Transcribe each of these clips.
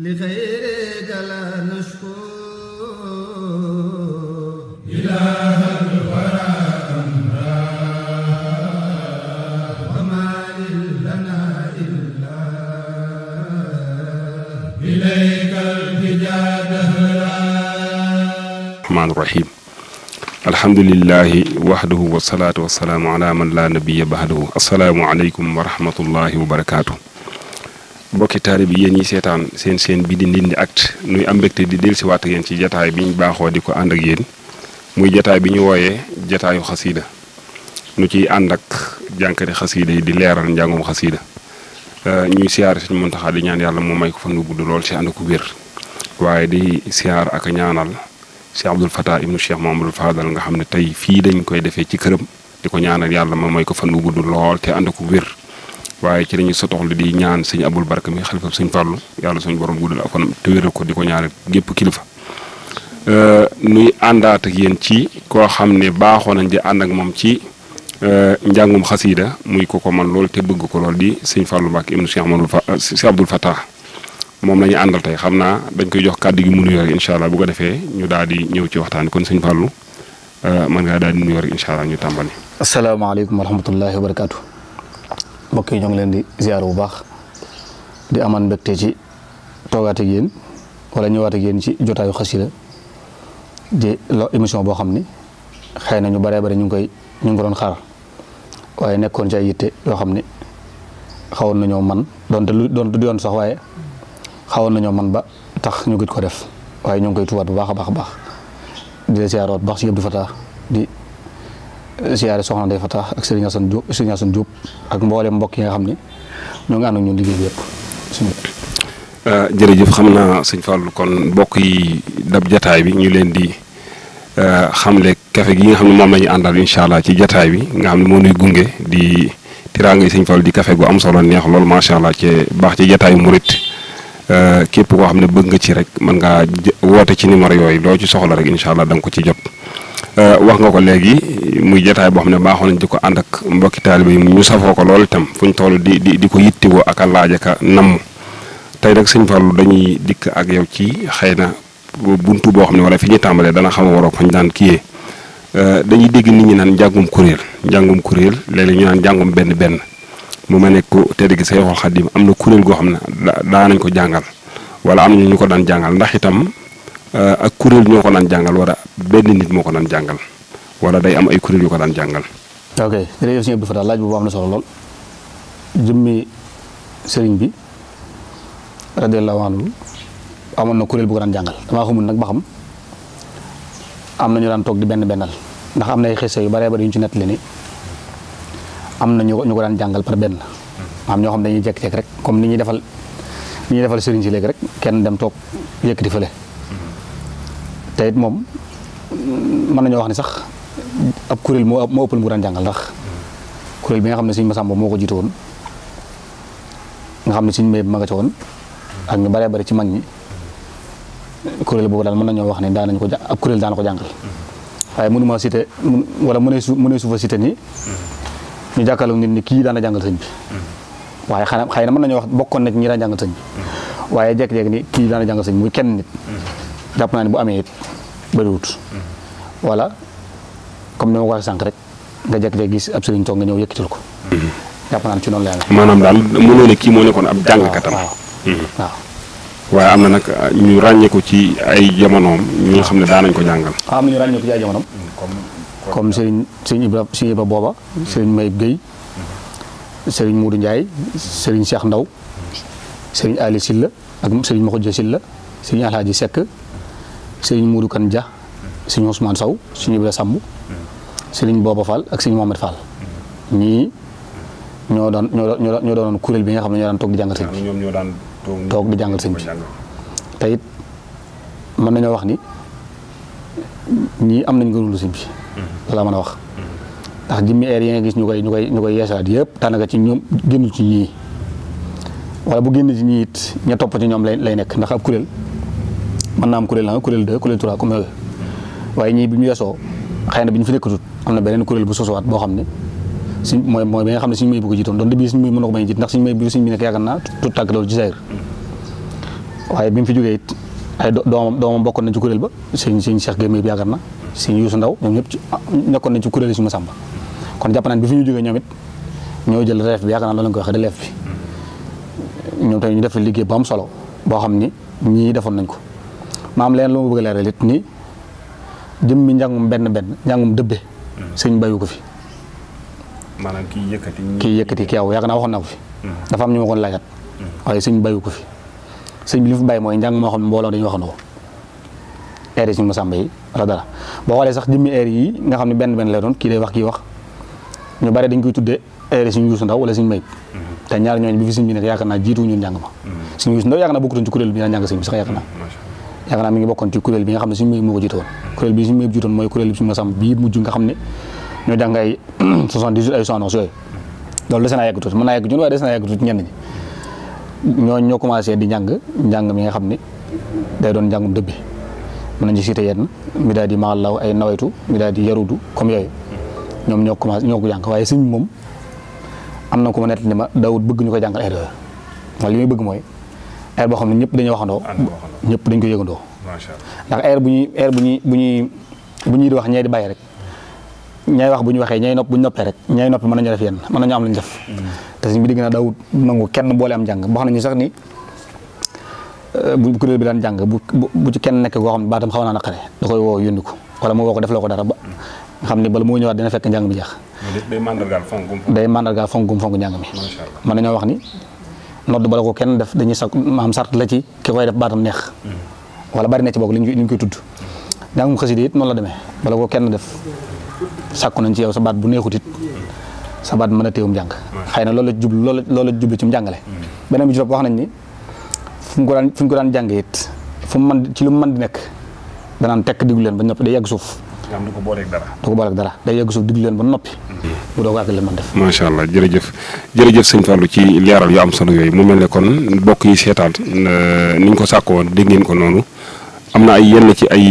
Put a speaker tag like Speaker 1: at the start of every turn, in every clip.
Speaker 1: لغيرك لا نشكو إله الورى
Speaker 2: أمرا وما لنا إلا
Speaker 3: إليك التجا دهرا الرحمن الرحيم الحمد لله وحده والصلاة والسلام على من لا نبي بعده السلام عليكم ورحمة الله وبركاته mbokki taalibe bi yéen ñi seetaan seen seen bi di Ndindy Actu nuy am mbégte di dellusiwaat ak yéen ci jataay bi ñu baaxoo di ko ànd ak yéen muy jataay bi ñu wooyee jataayu xasiida nu ci ànd ak jànkati xasiida yi di leeral njàngum xasiida euh, ñuy siyaar suñu Muntaxa di ñaan yàlla mu may ko fan wu gudd lool si ànd ko waaye di siyaar ak ñaanal Cheikh Abdoul Fatah ibnu Cheikh Mamadou Fadal nga xam ne tey fii dañ koy defee ci këram di ko ñaanal yàlla ma may ko fan wu gudd lool te ànd ko wér waaye ci lañuy sotoxlu di ñaan sëñ abul barka mi xalifa sëñ fàllu yàlla suñu borom guddal ak fanam te wéral ko di ko ñaanal gépp kilifa euh, nuy àndaat ak yéen ci koo xam ne baaxoo nañ di ànd ak moom ci euh, njàngum xasiida muy ko ko man lool te bëgg ko lool di sëñ fàllu Mbàkke ibnu Cheikh Amadou si euh, Abdul Fatah moom la ñu àndal tey xam naa dañ koy jox kàddu gi mu nuyoo rek incha allah bu ko defee ñu daal di ñëw ci waxtaan kon sëñ fàllu mën ngaa daal di nuyoo rek incha allah ñu tàmbali.
Speaker 4: asalaamaaleykum wa rahmatullahi wa barakaatu. mbokk yi ñoo leen di ziar bu baax di amaan mbégte ci toogaat ak yéen wala ñëwaat ak yéen ci jotaayu xasida di lo émission boo xam ni xëy na ñu bare bari ñu ngi koy ñu ngi ko doon xaar waaye nekkoon ci ay yitte yoo xam ni xawoon nañoo man donte lu doon du yoon sax waaye xawoon nañoo man ba tax ñu gëj ko def waaye ñu ngi koy tuwaat bu baax a baax a baax di la ziaroot baax si yëpp di fataa ziare soxna Ndeye Fatah ak Serigne Assane Diop Serigne ak mboolem mbokk yi nga xam ne ñoo ngi ànd ak ñun liggéey bi yëpp suñu euh, jërëjëf
Speaker 3: xam naa sëñ Fallou kon mbokk yi dab jataay bi ñu leen di euh, xamle kafe gi nga xam ne moom la àndal incha allah ci jataay bi nga xam ne moom nuy gunge di tiraanga yi sëñ Fallou di kafe gu am solo neex lool macha allah ci baax ci jataayu murit euh, képp koo xam ne bëgg nga ci rek mën ngaa woote ci numéro yooyu loo ci soxla rek incha allah da nga ko ci jot. Euh, wax nga ko léegi muy jataay boo xam ne baaxoon nañ di ko ànd ak mbokki taalibe yi ñu safoo ko lool itam fu ñu tollu di di di ko yittewoo ak a laaj ak namm tey nag sëñ Fallou dañuy dikk ak yow ci xëy na buntu boo xam ne wala fi ñuy tàmbalee dana xam a waroo fañ daan kiyee euh, dañuy dégg nit ñi naan njàngum kuréel njàngum kuréel léeg ñu naan njàngum benn benn mu ma nekk ko tedd gi Seexul Xadiim am na kuréel goo xam ne daa nañ ko jàngal wala am na ñu ko daan jàngal ndax itam Euh, ak kuréel ñoo ko daan jàngal wala benn nit moo ko daan jàngal wala day am ay kuréel yu ko daan jàngal.
Speaker 4: ok jërëjëf sëñ laaj boobu am na solo lool jëmmi sëriñ bi radiyallahu anhu amoon na kuréel bu ko daan jàngal damaa xamul nag ba xam am na ñu daan toog di benn bennal ndax am na ay xese yu bare bare yu ñu ci nettali ni am na ñu ñu ko daan jàngal par benn am ñoo xam dañuy jekk-jekk rek comme ni ñuy defal ni defal sëriñ si léegi rek kenn dem toog yëkkati fële. te moom mën nañoo wax ni sax ab kuréel moo moo ëppal mu daan jàngal ndax kuréel bi nga xam ne sëñ Masamba moo ko jiite woon nga xam ne sëñ Mbay ma nga ca woon ak ñu bëree bëri ci mag ñi kuréel boobu daal mën nañoo wax ne daan nañ ko ab kuréel daan ko jàngal waaye mënu ma cité wala mënee su mënee suufa cité nii ñu jàkkaarloog nit ñi kii daan na jàngal sëñ bi waaye xanaa xëy na mën nañoo wax bokkoon na ñi daan jàngal sëñ bi waaye jékki-jékki ni kii daan jàngal sëñ muy kenn nit jàpp naa ne bu amee it bëriwut wala comme ni ma ko waxee sànq rek nga jékki-jékki gis ab sëriñ toog nga ñëw yëkkatil ko. jàpp naa ne ci noonu la amee. maanaam daal mënoo ne kii moo nekkoon ab jàngkatam. waaw waaw. Hmm. waaye
Speaker 3: am na nag ah, ñu ràññee ko ci ay jamonoom ñi nga xam ne daan nañ ko jàngal.
Speaker 4: Ah, am na ñu ràññee ko ci ay jamonoom. Hmm, comme comme sëriñ sëriñ Ibra sëriñ booba. Hmm. sëriñ Mayib Guèye. sëriñ Moudou Ndiaye. sëriñ Cheikh Ndaw sëriñ Ali Silla ak sëriñ Makhoudia Silla sëriñ Alhaji Seck sëriñ Moudou Kane suñu sëriñ Ousmane Sow sëriñ Ibra Samb sëriñ Booba Fall ak sëriñ Mohamed Fall ñii ñoo daan ñoo ñoo doonoon kuréel bi nga xam ne ñoo daan toog di jàngal sëñ bi ñoom ñoo daan toog di bi te it mën nañoo wax ni ñii am nañ gënulu sëñ bi
Speaker 2: mm-hmm.
Speaker 4: laa mën a wax mm-hmm. ndax jimmi air yi nga gis ñu koy ñu koy yeesalaat yëpp daanaka ci ñoom génnul ci ñii wala bu génn ci ñii it ña topp ci ñoom lay nekk ndax ab kuréel mën naa am kuréel 1 kuréel 2 kuréel 3 comme ñii bi ñu yesoo xëy na bi ñu fi nekkatut am na beneen kuréel bu sosowaat boo xam ne suñ mooy mooy bi nga xam ne suñu may bëgg jiitoon doon debii suñu may mën a ko bañ jiit ndax suñu may bi waaye bi mu fi jógee it ay doomam doomam bokkoon nañ ci kuréel ba sëñ sëñ Cheikh Guémé bi yaakaar na sëñ Youssou Ndaw ñoom ñëpp nekkoon nañ ci kuréel suñu Masamba kon jàpp naan bi fi ñu jógee ñoom it ñoo jël reef bi yaakaar naa loolu lañ ko waxee relève bi ñoom tamit ñu def liggéey bu am solo boo xam ni ñii defoon nañ ko ma am leen lu ma bëgg leeral it ni jëmmi njàngum benn benn njàngum dëbbe sëñ bayu ko fi maanaam kii yëkkati kii yëkkati kii aw yaakaar naa waxoon na ko fi hmm. dafa am ñu ma koon laajat hmm. waaye sëñ bayu ko fi sëñ bi li fi bàyyi mooy njàng moo xam mbooloo dañu waxoon ko air yi suñu masamba yi wala dara boo xoolee sax jëmmi yi nga xam ne benn benn lay doon kii day wax kii wax ñu dañ koy tuddee air yi suñu yuusu ndaw wala suñu hmm. ñaar ñooñu bi fi sëñ bi nekk yaakaar naa jiitu ñun njàng ma suñu yuusu ndaw bi ñu daan njàng sëñ sax yaakaar naa yaakaar naa mi ngi bokkoon ci kuréel bi nga xam ne suñu mbéy moo ko jiitoon kuréel bi suñu mbéy jiitoon mooy kuréel bi suñu masam bii mujj nga xam ne ñoo jàng ay 78 ay 79 loolu des naa yàgg tuuti mën ñoo ñoo commencé di njàng njàng mi nga xam ne day doon njàngum dëbbi mën nañu cité yenn mi daal di maalaw ay nawetu mi daal di yarudu comme yooyu ñoom ñoo commencé ñoo ko jàng waaye sëñ moom am na ku ma nett ni ma dawut bëgg ñu ko jàngal ay li muy bëgg mooy air boo xam ne ñëpp dañoo waxandoo. ñëpp dañ ko yëgandoo. macha allah ndax air bu ñuy air bu ñuy bu ñuy bu ñuy di wax ñee di rek ñay wax bu ñu waxee ñay nopp bu noppee rek ñay noppi mën nañu def yenn mën nañu am lañu def. Mm. te suñ bi dégg naa daawut nangu kenn boole am jàng boo xam ne ñu sax ni euh, bu bi daan jàng bu bu ci kenn nekk koo xam ne baatam xaw naa naqare koy woo yónni ko wala mu woo ko def la ko dara ba xam ne moo ñëwaat dina fekk njàng mi jeex. day mandargaal fonk gum fonk njàng mi. macha allah wax ni nodd bala ko kenn def dañuy sakk maam sart la ci ki koy def baatam neex wala bari na ci bokk li ñu koy tudd njàngum xasida it noonu la demee bala ko kenn def sàkku nañ ci yow sa baat bu neexut it sa baat mën a téewum njàng xëy na loola la jublu loola la jublu ci njàngale beneen bi ci topp wax nañ ni fu ko daan fu ko daan jàng it fu mu ci lu mu di nekk danaan tekk diggu leen ba ñëpp day yàgg suuf nga xam ko booleeg dara. du ko dara day yegg suuf diglu leen ba noppi. Mm-hmm. bu doog ak leen mën def.
Speaker 3: macha allah jërëjëf jërëjëf sëñ Fallou ci leeral yu am solo yooyu mu mel ne kon bokk yi seetaan ni ñu ko sàkkoo woon ngeen ko noonu am na ay yenn ci ay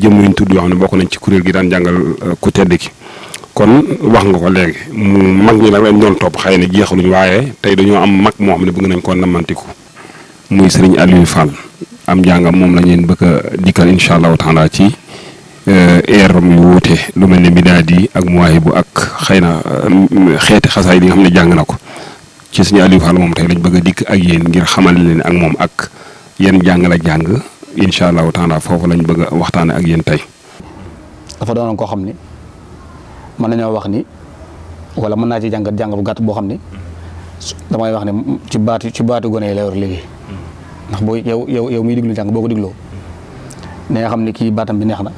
Speaker 3: jëmm yuñ tudd yoo xam ne bokk nañ ci kuréel gi daan jàngal euh, ku tedd ki kon wax nga ko léegi mu mag ñi nag lañ doon topp xëy na jeexaluñ waaye tey dañoo am mag moo xam ne bugg nañ koo namantiku muy sëriñ Aliou Fall am njàngam moom la ñu leen bëgg a dikkal allah allahu taala ci eeram eh, mu wuute lu mel ne midaad yi ak muwaay bu ak xëy na euh, xeeti xasaay li nga xam ne jàng na ko ci suñu Aliou Fall moom tey lañ bëgg a dikk ak yéen ngir xamal leen ak moom ak yan jàng la jàng incha allahu taala foofu lañu bëgg a waxtaane ak yéen tey.
Speaker 4: dafa doonoon koo xam ni mën nañoo wax ni wala mën naa ci jàngat jàng bu boo xam ni damay wax ne ci baatu ci baatu gone yi la war ndax boo yow yow yow miy diglu jàng boo ko digloo ne xam ni kii baatam bi neex na.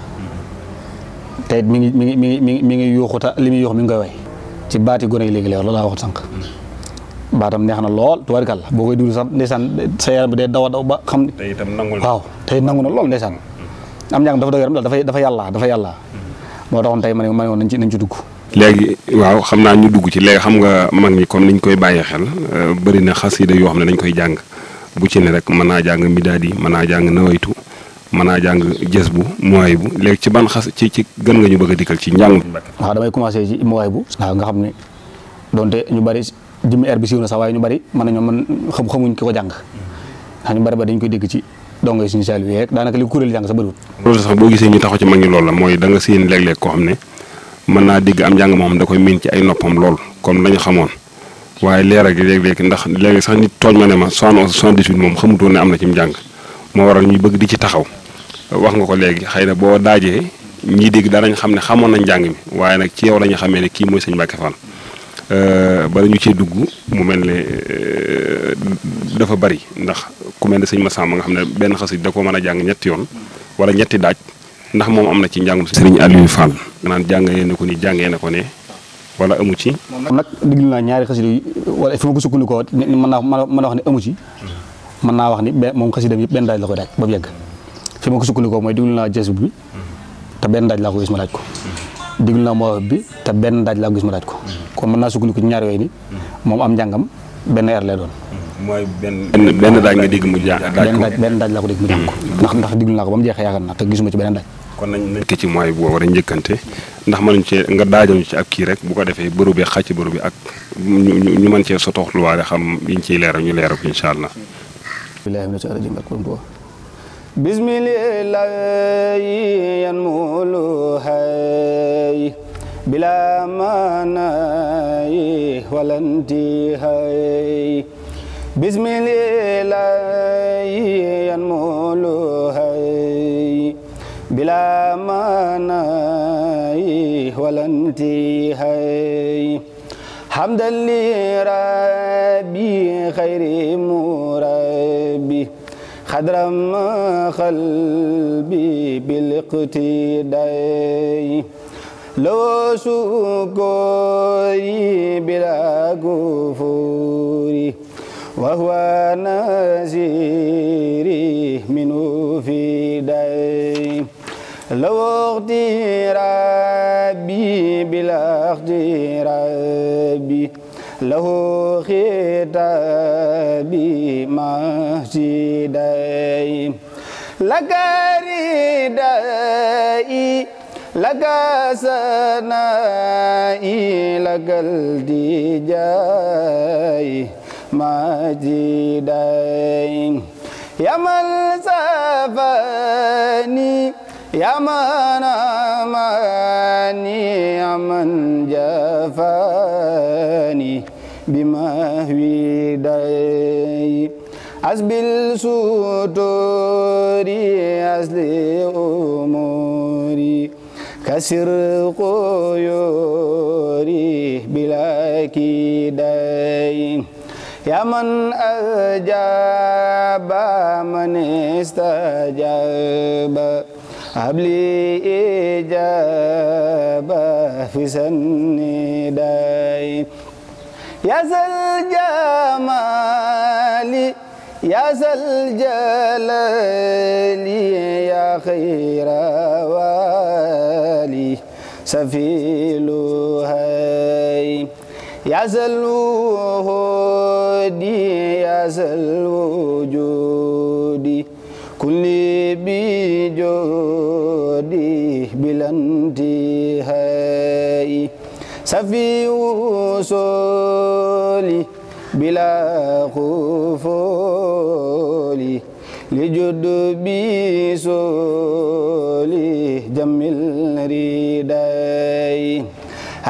Speaker 4: te mi ngi mi ngi mi ngi mi ngi mi ngi yuuxuta li muy yuux mi ngi koy way ci baati gone yi léegi leer loolu laa waxut sànq baatam neex na lool tubaarkal la boo koy dund sax ndeysaan sa yaram bi day daw daw ba xam. te nangu na waaw te it nangu na lool am ñaar dafa doy yaram dafa dafa yàlla dafa yàlla moo taxoon tey ma ne nañ ci nañ ci dugg.
Speaker 3: léegi waaw xam naa ñu dugg ci léegi xam nga mag ñi comme niñ koy bàyyee xel euh, bëri na xasida yoo xam ne dañ koy jàng bu ci ne rek mën naa jàng midaadi mën naa jàng nawaytu mën naa jàng jës bu mooy bu léegi ci ban xas ci ci gën nga ñu bëgg a dikkal ci njàng.
Speaker 4: waaw damay commencé ci mooy bu waaw nga xam ne donte ñu bari jëmmi air bi siiw na sax waaye ñu bari mën nañoo mën xam xamuñ ki ko jàng xam ñu bari ba dañ koy dégg ci dongo suñu saal bi rek daanaka li kuréel jàng sa bëriwul.
Speaker 3: loolu sax boo ne mën naa dégg am njàng moom da koy miin ci ay noppam lool comme lañu xamoon waaye leeral gi léeg ndax léeg sax nit tooñ ma ne ma soixante-dix-huit moom xamutoon ne am na ci njàng moo waral ñu bëgg di ci taxaw wax nga ko léegi xay na boo daajee ñii dégg danañ xam ne xamoon nañ njàng mi waaye nag ci yow la ñu xamee ne kii mooy sëñ Mbacke Fall euh, bala ñu cee dugg mu mel ne euh, dafa bari ndax ku mel ne sëñ Massamba nga xam ne benn xasida da ko mën a jàng ñetti yoon wala ñetti daaj ndax moom am na ci njàngum sëriñ Aliou Fall naan jàngee na ko ni jàngee na ko ne wala amu ci.
Speaker 4: moom nag diglu naa ñaari xasida yi wala fi ma ko sukkandikoo mën naa mën a wax ne amu ci mën naa wax ni benn moom xasida yëpp benn daaj la koy daaj ba mu yegg fi ma ko sukkandikoo mooy diglu naa jasub bi te benn daaj laa ko gis ma daaj ko diglu naa mawab bi te benn daaj laa gis ma daaj ko kon mën naa sukkandiku ñaar yooyu ni moom am njàngam benn yar lay doon mooy benn
Speaker 3: benn daaj nga dégg mu jàng benn
Speaker 4: daaj laa ko dégg mu jàng ko ndax ndax diglu naa ko ba mu jeexee yaakaar naa te gisuma ci beneen daaj kon nañ ci mooy boo war a njëkkante
Speaker 3: ndax mënuñ cee nga daajal ci ab kii rek bu ko defee bëru bi xàcc bëru bi ak ñu mën cee sotoxluwaale xam yiñ ciy leeral ñu leeral ko incha allah
Speaker 4: billahi min shaytaani
Speaker 1: hay bila manay walanti hay bismillahi yanmulu hay bila xadra ma qalbi bila kufuuri bila ixtiraabi له ختابي مهجدي لك ردائي لك سنائي لك الدجاي مجدي يا من سفاني يا من أماني يا من جفاني نهوي داي أسبل سطوري أسلي أموري كسر قيوري بلا كداي يا من أجاب من استجاب هب لي إجابة في سن داي يا ذا الجمال يا ذا الجلال يا خير والي سفيل هاي يا ذا الوهود يا ذا الوجود كل بجودي بلندي سفي وصولي بلا خفولي لجد بيسولي جمل ريداي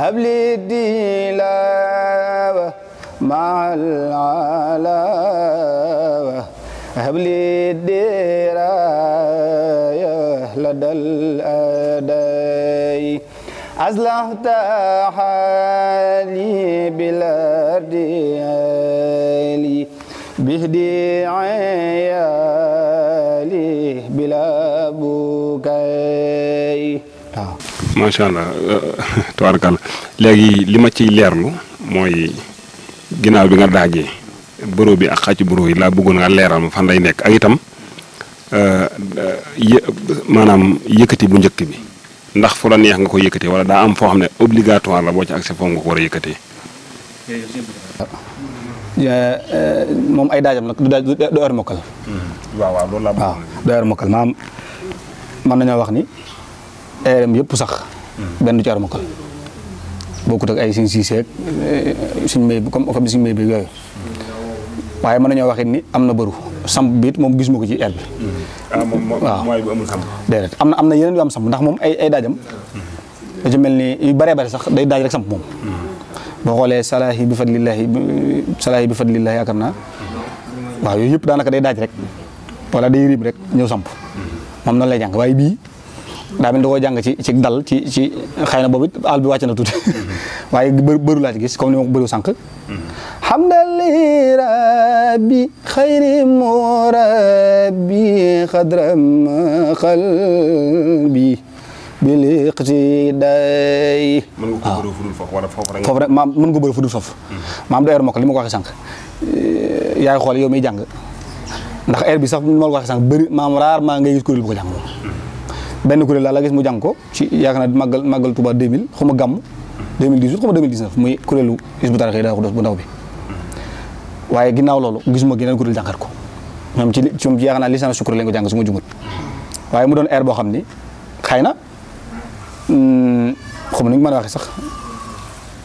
Speaker 1: هبل الدلاوة مع العلاوة هبل الدراية لدى الآن أصلحت حالي بلادي علي بهدي عيالي بلا بكاي
Speaker 2: macha
Speaker 3: allah tubaarkàlla léegi li ma ciy leerlu mooy ginnaaw bi nga daajee bureau bi ak xàcc bureau yi laa bëggoon nga leeral ma fan lay nekk ak itam maanaam yëkkati bu njëkk bi. ndax fu la neex nga ko yëkkatee wala daa am foo xam ne obligatoire la boo ci accès foofu nga ko war a yëkkatee.
Speaker 4: Eh, moom ay daajam nag du daaj mokkal. Hmm. waaw waaw loolu laa waaw du maam mën nañoo wax ni heure am yëpp sax. Hmm. benn du ci heure mokkal. ay suñ siisee eh, suñ mbéy comme comme bi yooyu hmm. waaye mën nañoo waxit ni am na bëru. samp bi it moom gisuma ko ci air bi. Mm-hmm. ah am na am na yeneen yu am samp ndax moom ay ay daajam. Mm-hmm. da mel ni yu bëree bëri sax day daaj rek samp moom. Mm-hmm. boo xoolee salaahi bi fadlillahi salaahi bi fadlillahi yaakaar naa waaw yooyu yëpp daanaka day daaj rek wala day riib rek ñëw samp moom noonu lay jàng waaye bii daa mel da jàng ci ci dal ci ci xëy na boobu it àll bi wàcc na tuuti waaye bë bëru laa ci gis comme ni ma
Speaker 1: hamdali rabbi khayri murabbi khadram qalbi bil iqtidaay
Speaker 4: mën nga ko ah. bëri fudul foofu wala mën ko bëri fudul foofu. maam ma ko li ma ko waxee sànq. Eh, yaay xool yow miy jàng ndax air bi sax ma la ko waxee sànq bëri maam rarement ngay gis moom. benn kuréel laa la gis mu jàng ko ci yaakaar naa màggal màggal Touba 2000 xuma gàmm. xuma 2019 muy kuréelu Hizbut Tarqiyyah bu ndaw bi. waaye ginnaaw loolu gisuma geneen ku dul jàngat ko ñoom ci moom yaakaar naa lisaan sukkur ko jàng su ma waaye mu doon air boo xam ni xëy na mm, xam nu ñu mën a waxee sax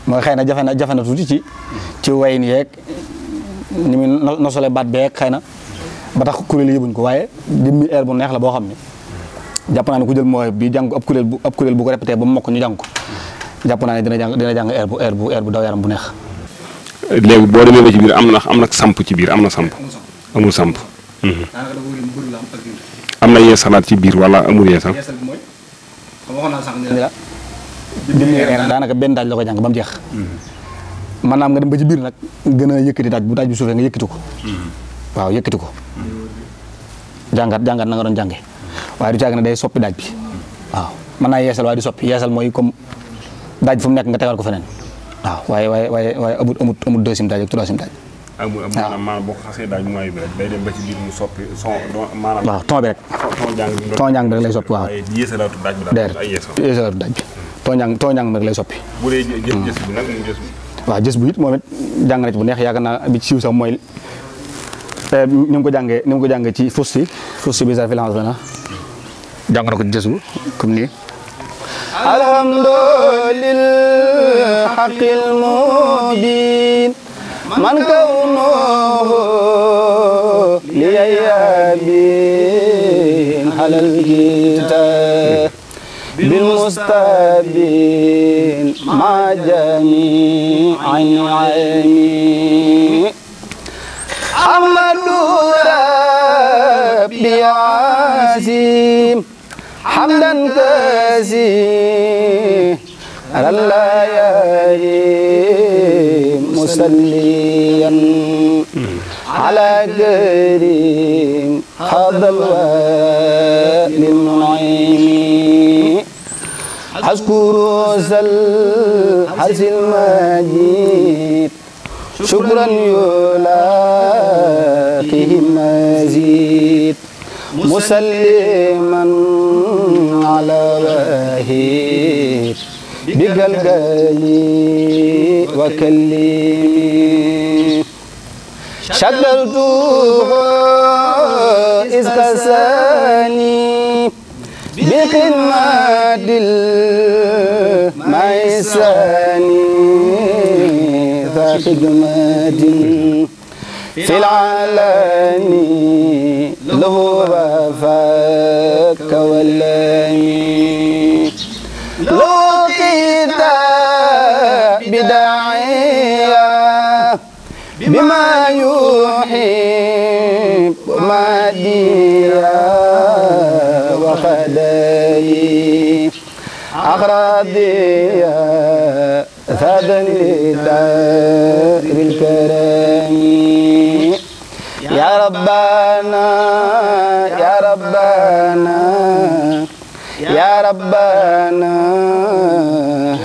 Speaker 4: mooy xëy na jafe na jafe na tuuti ci ci wayin yeeg ni muy nosole baat bee xëy na ba tax kuréel yëbuñ ko waaye jëmmi air bu neex la boo xam ni jàpp naa ne ku jël mooy bi jàng ab kuréel bu ab kuréel bu ko répété ba mu mokk ñu jàng ko jàpp naa ne dina jàng dina jàng air bu air bu air bu daw yaram bu neex
Speaker 2: léegi boo
Speaker 3: demee ba ci biir am na am na samp ci biir am na samp amul samp mhm. am na yeesalaat ci biir wala amul yeesal
Speaker 4: daanaka benn daaj la ko jàng ba mu jeex mhm. maanaam nga dem ba ci biir nag gën a yëkkati daaj bu daaj bi suufee nga yëkkati ko mhm. waaw yëkkati ko jàngat jàngat na nga doon jànge waaye du caag ne day soppi daaj bi waaw mën naa yeesal waaye du soppi yeesal mooy comme daaj fu mu nekk nga tegal ko feneen waaw waaye waaye waaye waaye amut amut amut deuxième daaj ak troisième daaj.
Speaker 3: ah muy maanaam maanaam boo ko bi rek day dem ba ci biir mu soppi son maanaam. waaw
Speaker 4: ton bi rek. ton njàng bi rek lay soppi waaw. waaye
Speaker 3: daaj bi daal ay bi. rek lay soppi. bu dee hmm. jës
Speaker 4: waaw jës bu it moom it jàng na ci bu neex yaakaar naa bi ci siiw sax mooy eh, ni ko jàngee ni ko jàngee ci fus si fus si bi sa filance na jàng na ko jës bu comme nii
Speaker 1: الحمد للحق المبين من كونه ليابين على الكتاب بالمستبين مع جميع عيني أحمد ربي عزيم حمدا تازي على الله مصليا على كريم هذا الوالي المنعم أشكر ذا الحز المجيد شكرا يلاقيه مزيد مسلما على واهي بقلقي وكلمي شغلته إذ كساني بقمة الميساني فخدمة في العالم له وفاء الشك واللامي لقيت بداعيا بما يحب ماديا وخلاي أغراضيا ثادا لدار الكرام يا ربنا يا ربنا يا ربنا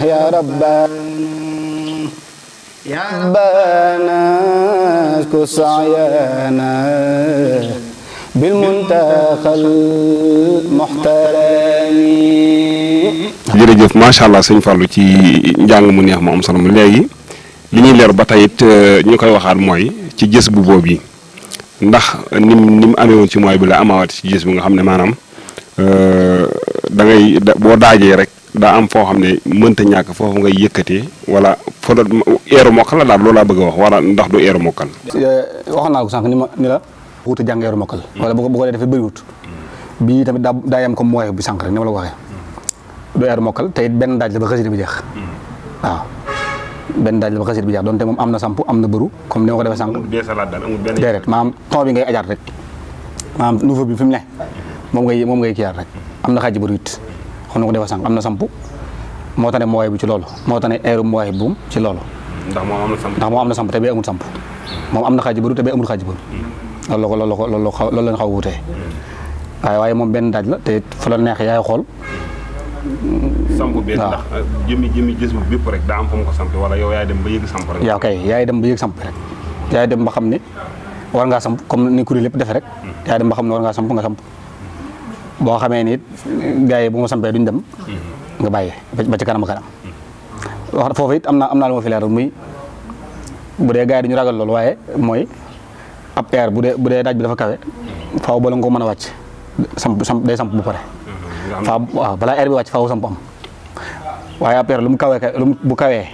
Speaker 1: يا ربنا يا ربنا اذكر سعينا بالمنتخى المحترم
Speaker 3: jërëjëf macha allah sëñ Fallou ci njàng mu neex mu am solo mu léegi li ñuy leer ba tey it ñu koy waxaat mooy ci gis bu boobu yi ndax nim ni mu amee woon ci mooy bi la amawaat ci gis bi nga xam ne maanaam. Euh, da ngay boo daajee rek daa am foo xam ne mënta ñàkk foofu ngay yëkkatee wala fa la eeru mokkal la daal loolaa bëgg a wax wala ndax du eeru mokkal.
Speaker 4: Euh, waxoon naa ko sànq ni ma la. wuute jàng eeru hmm. wala bu ko bu ko defee bëriwut. Hmm. bii tamit daa daa yem comme mooy bi sànq rek ni ma la ko waxee. du eeru mokkal te benn daaj la ba xasida bi jeex. Hmm. waaw benn daaj la ba xasida bi jeex donte moom am na samp am na bëru comme ni ma ko defee sànq. déedéet maanaam temps bi ngay ajaat rek maanaam niveau bi fi mu ne moom ngay moom ngay kiyaat rek am na xaaj bu ruut xam na ko defa sànq am na samp moo tax ne mooy bu ci loolu moo tax ne eeru mooy buum ci loolu. ndax moom am na samp am na samp te bee amul samp moom am na xaaj bu ruut te bee amul xaaj bu ruut loolu la ko loolu la ko loolu la xaw a
Speaker 2: wuute
Speaker 4: moom benn daaj la te fa la yaay xool. samp bi ndax
Speaker 3: euh, jëmmi jëmmi gis mu bépp rek daa am ko samp wala yow yaay dem ba yëg samp rek. yaa
Speaker 4: yaay dem ba yëg samp rek yaay xam ne war ngaa samp comme ni kuréel yëpp hmm. xam ne war ngaa samp nga samp. boo xamee nit gars yi bu ma sampee duñ dem nga bàyyi ba ci kanam a kanam wax foofu it am na am naa lu ma fi muy bu dee gars yi ñu ragal loolu waaye mooy ab air bu dee bu dee daaj bi dafa kawe faaw bala nga ko mën a wàcc samp samp day samp bu pare mm-hmm. faaw waaw balaa air bi wàcc faaw samp am waaye ab air lu mu kawee lu mu bu kawee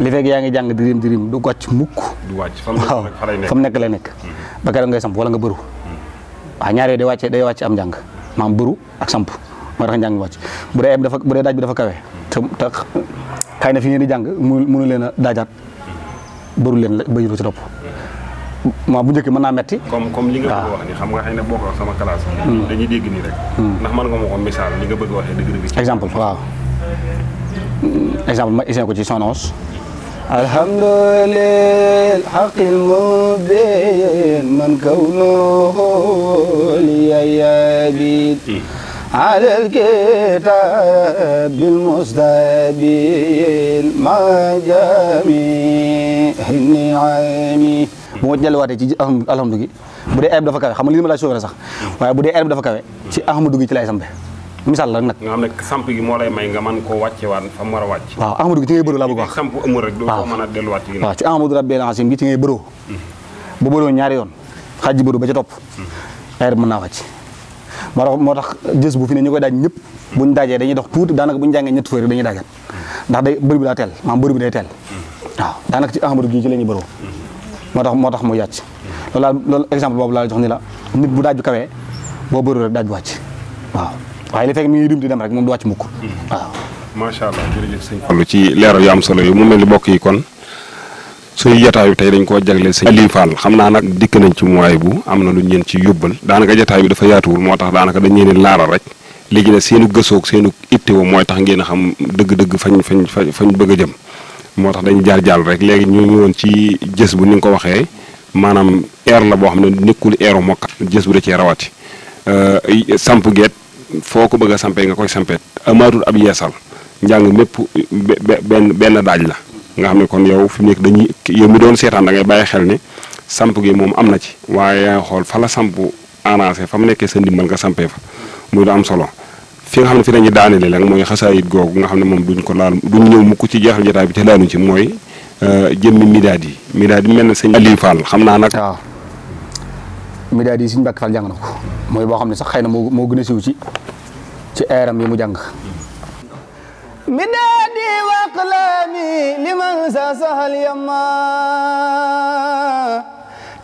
Speaker 4: li fekk yaa ngi jàng di dirim dirim du wàcc mukk waaw fa mu nekk lay nekk mm-hmm. ba keroog ngay samp wala nga bëru mm-hmm. waaw ñaar yooyu day wàcce day wàcc am njàng maam bëru ak samp moo tax njàng wàcc bu dee dafa bu dee daaj bi dafa kawe te te xëy na fi ngeen di jàng mu mënu leen a daajaat bëru leen la bañu ci topp ma bu njëkk mën naa metti comme comme li nga bëgg nga
Speaker 3: xëy na sama classe
Speaker 4: hmm. dañuy dégg nii rek hmm. ndax mën nga ma li nga bëgg waxee dëgg dëgg exemple waaw hmm, exemple ma isin ko ci sonos الحمد للحق
Speaker 1: المبين من كونه لي يبيد على الكتاب
Speaker 4: المستبين مع جميع النعم moo delluwaatee ci alhamdu gi bu dee ayib dafa kawe xam nga li ma la soobee sax waaye bu dee ayib dafa kawe ci alhamdu gi ci lay sampe misaal la nag. xam ne samp gi moo lay may nga mën koo wàccewaat fa mu a wàcc. waaw
Speaker 3: Amadou gi ci ngay bëroo laa bëgg a wax. samp a delluwaat ci. waaw ci
Speaker 4: Amadou ngay bëroo. bu bëroo yoon xaaj ji ba ca topp. xeer mm-hmm. mën naa wàcc. moo tax moo tax bu fi ne ñu koy daaj ñëpp bu ñu daajee dañuy dox tuuti daanaka bu ñu jàngee ñetti fëri dañuy daajaat mm-hmm. ndax day bëri bi daa teel maam bëri bi day teel mm-hmm. waaw daanaka ci Amadou gi ci la ñuy moo tax moo tax mu yàcc loolu loolu exemple boobu laa jox ni la nit bu daaj bi kawee boo bëroo rek daaj bi wàcc waaw waaye li fekk mi ngi dum di dem rek moom du wàcc mukk hmm. waaw. macha allah jërëjëf
Speaker 3: ci leeral yu am solo yu mu mel ni bokk yi kon suñu jotaay bi tey dañ koo jagleel sëñ Aliou Fall xam naa nag dikk nañ ci mooy bu am na lu ñeen ci yóbbal daanaka jotaay bi dafa yaatuwul moo tax daanaka dañ leen laaral rek léegi nag seenu gësoog seenu ittewo mooy tax ngeen a xam dëgg-dëgg fañ fañ fañ bëgg a jëm moo tax dañ jaar jàll rek léegi ñu ngi woon ci jës bu ni nga ko waxee maanaam air la boo xam ne nekkul airu mokkat jës bu da cee rawati euh, samp geet foo ko bëgg a sampee nga koy sampee amaatul ab yeesal njàng mépp benn benn daaj la nga xam ne kon yow fi mu nekk dañuy yow mi doon seetaan da ngay bàyyi xel ni samp gi moom am na ci waaye xool fa la samp arrangé fa mu nekkee sa ndimbal nga sampee fa muy lu am solo fi nga xam ne fi nañu daanele la mooy xasaayit googu nga xam ne moom duñ ko laal duñ ñëw mukk ci jeexal jotaay bi te laaluñ ci mooy euh, jëmmi midaad yi midaad yi mel na sëñ Aliou Fall xam naa nag
Speaker 4: médailles yi Serigne Mbacke Fall jàng na boo xam ne sax xëy na moo moo gën a siiw ci ci eeram yi mu jàng
Speaker 1: midaadi wa aqlaami liman sasahal yamma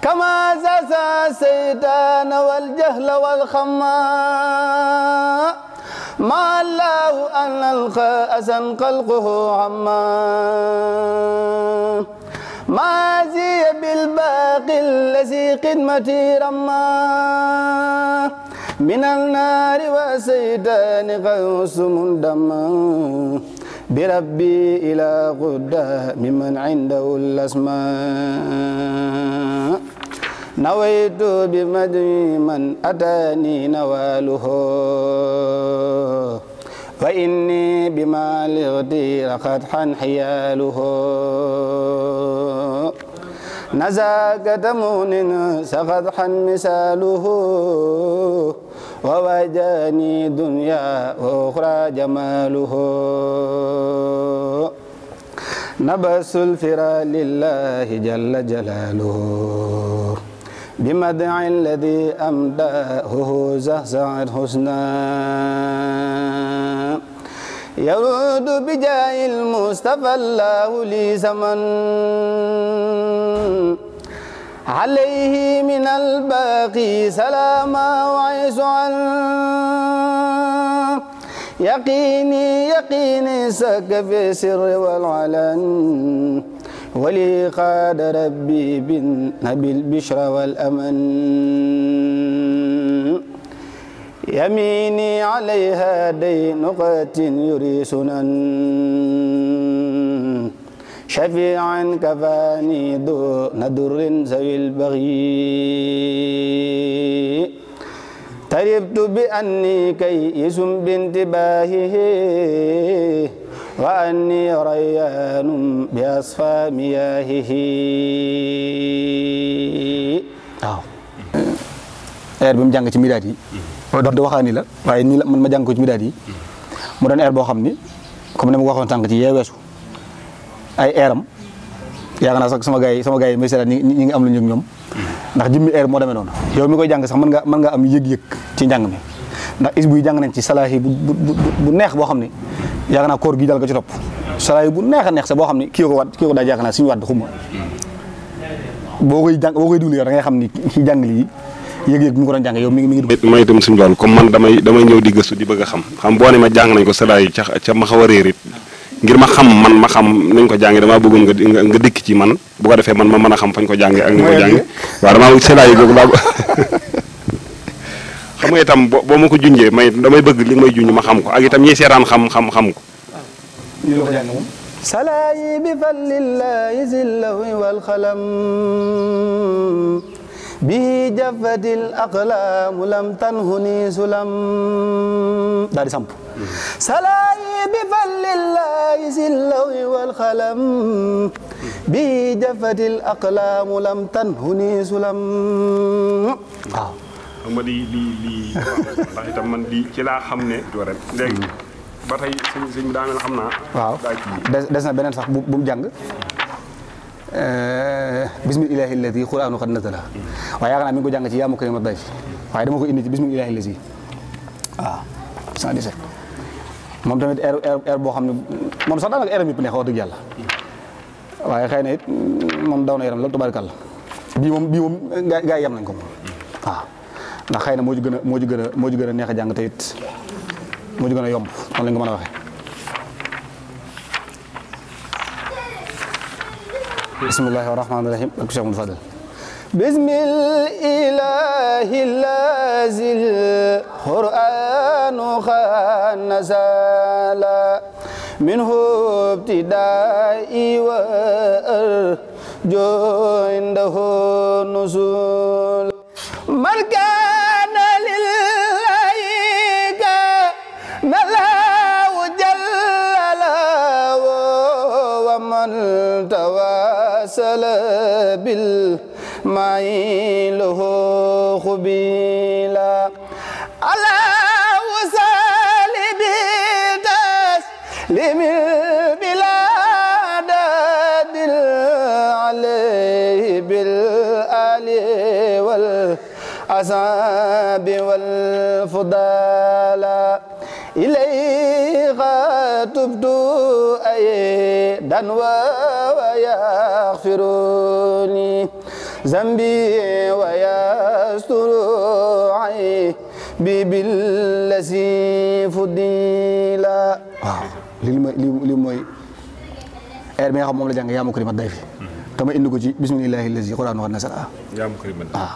Speaker 1: kama sasa seytaana wal jahla ma allahu an asan xalquhu amma مازي بالباقي الذي قدمتي رمى من النار وسيدان غوث مندمى بربي إلى غدا ممن عنده الأسماء نويت بمدعي من أتاني نواله wa inni bima lighdi qadhan hiyaluhu nazaaka tamunin saqadhan misaluhu wa wajani dunya wa ukhra jamaluhu nabasul fira lillahi jalla jalaluhu بمدع الذي أمداه زهزع الحسنى يرود بجاه المصطفى الله لي زمن عليه من الباقي سلاما وعيس عن يقيني يقيني سك في السر والعلن ولي قاد ربي بالنبي البشرى والأمن يميني عليها دين قات يري سنن شفيعا كفاني دون در ذوي البغي تربت بأني كيس بانتباهه وأني ريان بأصفى مياهه
Speaker 4: waaw air bi mu jàng ci midaat yi dox di waxaa ni la waaye nii la man ma jàng ko ci midaat yi mu doon air boo xam ni comme ni ma waxoon sànq ci yee weesu ay airam yaakaar naa sax sama gars yi sama gars yi may seetaat ñi ngi am lu ñu ñoom ndax jëmmi air moo demee noonu yow mi koy jàng sax mën nga mën nga am yëg-yëg ci njàng mi ndax is buy jàng nañ ci salaahi bu bu bu neex boo xam ni yaakaar naa koor gi dal ko ci topp bu neex neex sa boo xam ne kii ko ko daal yaakaar naa suñu waat xuma boo koy jàng boo koy dund yow da xam ni ci jàng lii yëg-yëg bi mu ko doon jàng yow mi ngi mi ngi. man itam
Speaker 3: suñu wàll comme man damay damay ñëw di gëstu di bëgg a xam xam boo ne ma jàng nañ ko salaay ca ca ma xaw a réer it ngir ma xam man ma xam nañ ko jàngi damaa bëggoon nga nga dikk ci man bu ko defee man ma mën a xam fañ ko jàngi ak ni ko jàngi waaw damaa salaay googu laa xam nga itam boo boo ma ko junjee damay bëgg li may junj ma xam ko ak itam ñiy seeraan xam xam ko.
Speaker 1: salaayi bi fan lillahi zillahi wal xalam bi bi fan lillahi lam tanhuni sulam
Speaker 3: ma di di di ci laa xam ne doo ren léegi hmm. ba tey xam naa
Speaker 4: waaw sax bu bu mu jàng eh, bismillahi alladi quranu qad nazala hmm. ko jàng ci yaamu karima day fi waaye dama ko indi ci bismillahi alladi waaw moom tamit air air boo xam ne moom sax daanaka airam yëpp neex wax dëgg yàlla waaye mm, bii moom bii yam nañ ko ndax xëy na moo ci gën a moo ci gën a moo ci gën a neex a jàng te it moo ci gën a yomb noonu la nga mën a waxee. bismillahi rahmaani rahim ak Cheikh Moudou Fadel.
Speaker 1: bismillahi lazil quranu xanasala minhu ibtidai wa arjo indahu nusul ميله خبيلا على وسالب تسلم البلاد عليه بالآل والأصحاب والفضالا إليه تبت أيدا ويغفرني ذنبي ويستر عيبي
Speaker 4: بالذي فضل waaw lii mooy lii air bi moom la jàng yaa mukrimat dayfi te ma indi ko ci bismillahi lazi qur'aanu qad nasara
Speaker 3: yaa mukrimat waaw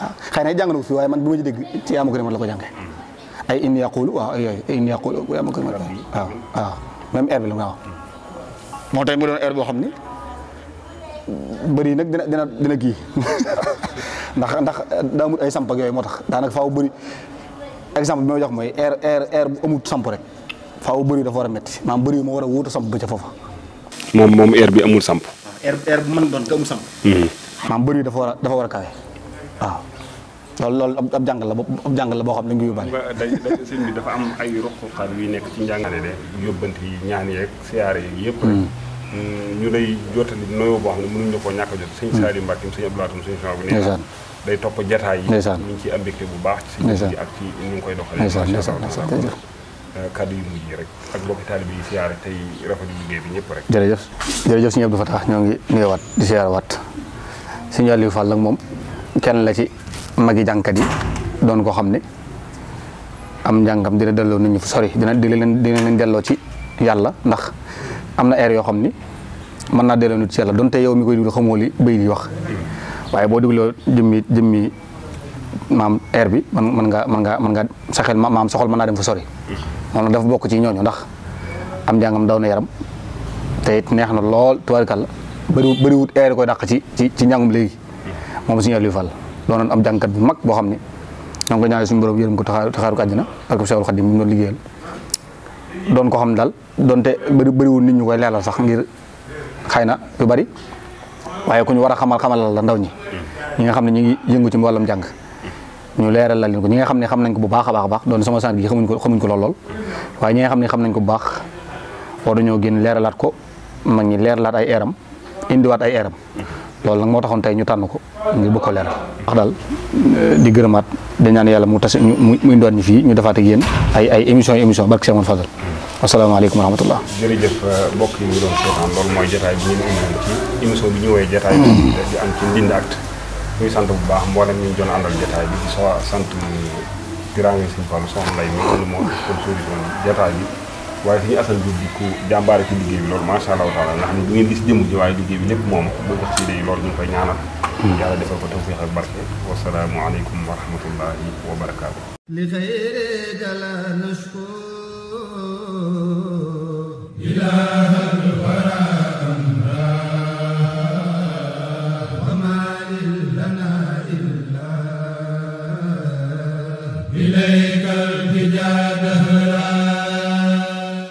Speaker 4: waaw xëy na jàng na ko fii waaye man bu ma ci dégg ci yaa mukrimat la ko jàngee mm-hmm. ay inni yaqulu waaw ay yooyu ay inni yaqulu yaa mukrimat waaw waaw même air bi la waaw moo tax mu doon air boo xam ni bëri nag dina dina dina kii ndax ndax daa amut ay samp ak yooyu moo tax daanaka faaw bëri exemple bi ma jox mooy air air air bu amut samp rek faaw bëri dafa war a metti maanaam bëri moo war a wóotu samp ba ca foofa.
Speaker 3: moom moom air bi amul samp.
Speaker 4: Ah, air doon te amul samp. Hmm. maanaam bëri dafa war a dafa war a kawe waaw. lool loolu ab jàng la ab jàng la boo xam ne dañ koy yóbbaale.
Speaker 3: dañ dañ dafa am ay ruq xar yu nekk ci njàngale de yóbbanti ñaan yeeg siyaare yeeg yëpp. Hmm. ñu lay jottali nuyoo boo xam ne mënuñu ko ñàkk a jot mm. sëñ Saliou Mbacke sëñ Abdou Lahat sëñ Jean bi nee day topp jataay yi ñu ngi ciy am mbégte bu baax ci sëñ bi ak ci ñu ngi koy doxalee macha allah euh, kàddu yu mujj yi rek ak mbokki taalibe yi siyaare tey rafetlu liggéey bi ñëpp rek
Speaker 4: jërëjëf jërëjëf sëñ Abdou Fatah ñoo ngi nuyewaat di siyaare waat sëñ Aliou Fall nag moom kenn la ci magi jànkat yi doon ko xam ne am njàngam dina delloo nit ñi fu sori dina dina leen dina leen delloo ci yàlla ndax am na air yoo xam ni mën naa delloo nit ci yàlla donte yow mi koy déglu xamoo li béy di wax waaye boo dégloo jëmmi jëmmi maam air bi man mën nga mën nga mën nga saxel maam soxol mën naa dem fa sori moom nag dafa bokk ci ñooñu ndax am njàngam daw na yaram te it neex na lool tubaarkàlla bëriwut bëriwut air koy dàq ci ci ci njàngum léegi moom suñu Aliou Fall doonoon am jàngkat bu mag boo xam ne ñoo ngi ko ñaanal suñu borom yërëm ko taxaaru ko àjjana parce que Cheikhul Khadim mu doon ko xam daal donte bëri bëriwul nit ñu koy leelal sax ngir xëy na bari waaye ku ñu war a xamal xamalal la ndaw ñi ñi nga xam ne ñu ngi yëngu ci wàllum jàng ñu leeral la leen ko ñi nga xam ne xam nañ ko bu baax a baax baax doon sama sant gi xamuñ ko xamuñ ko lool lool waaye ñi nga xam ne xam nañ ko bu baax war dañoo génn leeralaat ko mag ñi leeralaat ay eeram indiwaat ay eeram loolu nag moo taxoon tey ñu tànn ko ngir bëgg ko leeral wax daal eh, di gërëmaat dañaan yàlla mu tas mu indiwaat ñu fii ñu defaat yéen ay ay émission émission barke Seex Fadal asalaamaaleykum wa rahmatullah.
Speaker 3: jërëjëf euh, mbokk yi ñu doon seetaan mooy jotaay bi émission bi ñu woowee jotaay bi hmm. di am ci bu baax mboolem ñu doon àndal sant giraange suñu Fall soxna Lay mi moo sponsorisé jotaay bi waaye suñu asan bi ku jàmbaare ci liggéey bi loolu macha allah gis jëmm ji waaye liggéey moom loolu ñu ngi koy ñaanal hmm. yàlla defal ko tawfiq ak barke wasalaamu aleykum wa rahmatullahi wa
Speaker 1: ilaha